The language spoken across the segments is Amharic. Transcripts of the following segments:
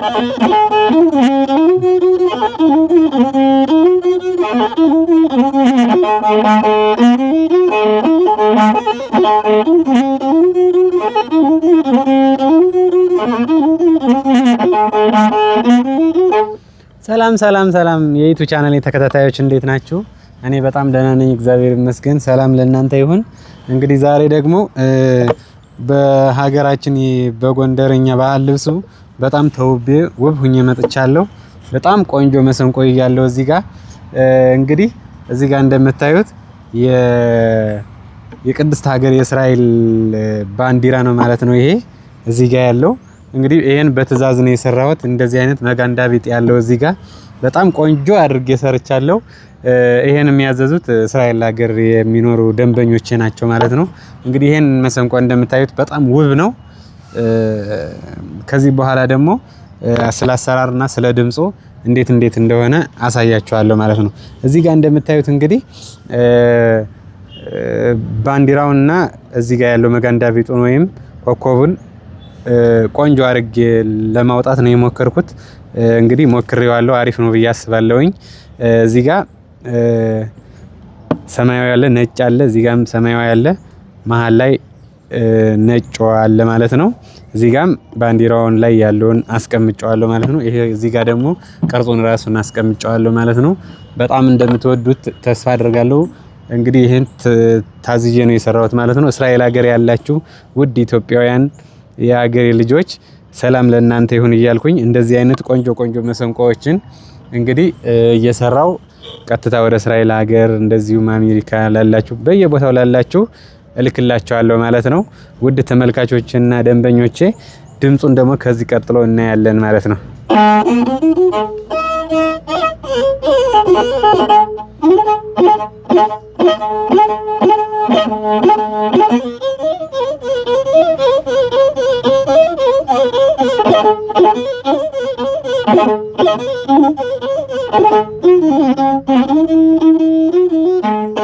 ሰላም ሰላም ሰላም የዩቱ ቻናል ተከታታዮች እንዴት ናችሁ? እኔ በጣም ደህና ነኝ፣ እግዚአብሔር ይመስገን። ሰላም ለእናንተ ይሁን። እንግዲህ ዛሬ ደግሞ በሀገራችን በጎንደርኛ ባህል ልብሱ በጣም ተውቤ ውብ ሁኜ መጥቻለሁ። በጣም ቆንጆ መሰንቆ ይያለው እዚህ ጋር እንግዲህ እዚህ ጋር እንደምታዩት የቅድስት ሀገር የእስራኤል ባንዲራ ነው ማለት ነው። ይሄ እዚህ ጋር ያለው እንግዲህ ይሄን በትዕዛዝ ነው የሰራሁት። እንደዚህ አይነት መጋንዳ ቤት ያለው እዚህ ጋር በጣም ቆንጆ አድርጌ ሰርቻለሁ። ይሄን የሚያዘዙት እስራኤል ሀገር የሚኖሩ ደንበኞቼ ናቸው ማለት ነው። እንግዲህ ይሄን መሰንቆ እንደምታዩት በጣም ውብ ነው። ከዚህ በኋላ ደግሞ ስለ አሰራርና ስለ ድምፁ እንዴት እንዴት እንደሆነ አሳያችኋለሁ ማለት ነው። እዚህ ጋር እንደምታዩት እንግዲህ ባንዲራውንና እዚህ ጋር ያለው መጋንዳ ቢጡን ወይም ኮከቡን ቆንጆ አድርጌ ለማውጣት ነው የሞከርኩት። እንግዲህ ሞክሬዋለሁ። አሪፍ ነው ብዬ አስባለሁኝ። እዚህ ጋር ሰማያዊ ያለ፣ ነጭ አለ። እዚህ ጋርም ሰማያዊ ያለ መሀል ላይ አለ ማለት ነው። እዚህ ጋም ባንዲራውን ላይ ያለውን አስቀምጨዋለሁ ማለት ነው። ይሄ እዚህ ጋር ደግሞ ቅርጹን ራሱን አስቀምጨዋለሁ ማለት ነው። በጣም እንደምትወዱት ተስፋ አድርጋለሁ። እንግዲህ ይህን ታዝዤ ነው የሰራሁት ማለት ነው። እስራኤል ሀገር ያላችሁ ውድ ኢትዮጵያውያን የሀገሬ ልጆች ሰላም ለእናንተ ይሁን እያልኩኝ እንደዚህ አይነት ቆንጆ ቆንጆ መሰንቆዎችን እንግዲህ እየሰራው ቀጥታ ወደ እስራኤል ሀገር እንደዚሁም አሜሪካ ላላችሁ በየቦታው ላላችሁ እልክላቸዋለሁ ማለት ነው። ውድ ተመልካቾችና ደንበኞቼ ድምፁን ደግሞ ከዚህ ቀጥሎ እናያለን ማለት ነው።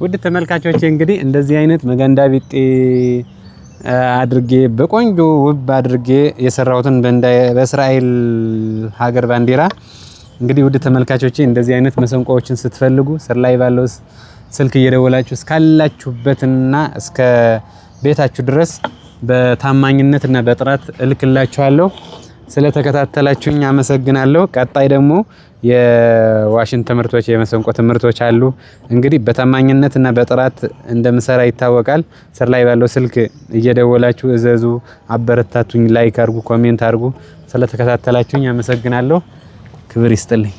ውድ ተመልካቾች እንግዲህ እንደዚህ አይነት መገንዳ ቢጤ አድርጌ በቆንጆ ውብ አድርጌ የሰራሁትን በእስራኤል ሀገር ባንዲራ እንግዲህ ውድ ተመልካቾቼ እንደዚህ አይነት መሰንቆዎችን ስትፈልጉ ስር ላይ ባለው ስልክ እየደወላችሁ እስካላችሁበትና እስከ ቤታችሁ ድረስ በታማኝነትና በጥራት እልክላችኋለሁ። ስለተከታተላችሁኝ አመሰግናለሁ። ቀጣይ ደግሞ የዋሽንት ትምህርቶች፣ የመሰንቆ ትምህርቶች አሉ። እንግዲህ በታማኝነትና በጥራት እንደምሰራ ይታወቃል። ስር ላይ ባለው ስልክ እየደወላችሁ እዘዙ፣ አበረታቱኝ፣ ላይክ አድርጉ፣ ኮሜንት አድርጉ። ስለተከታተላችሁኝ አመሰግናለሁ። ክብር ይስጥልኝ።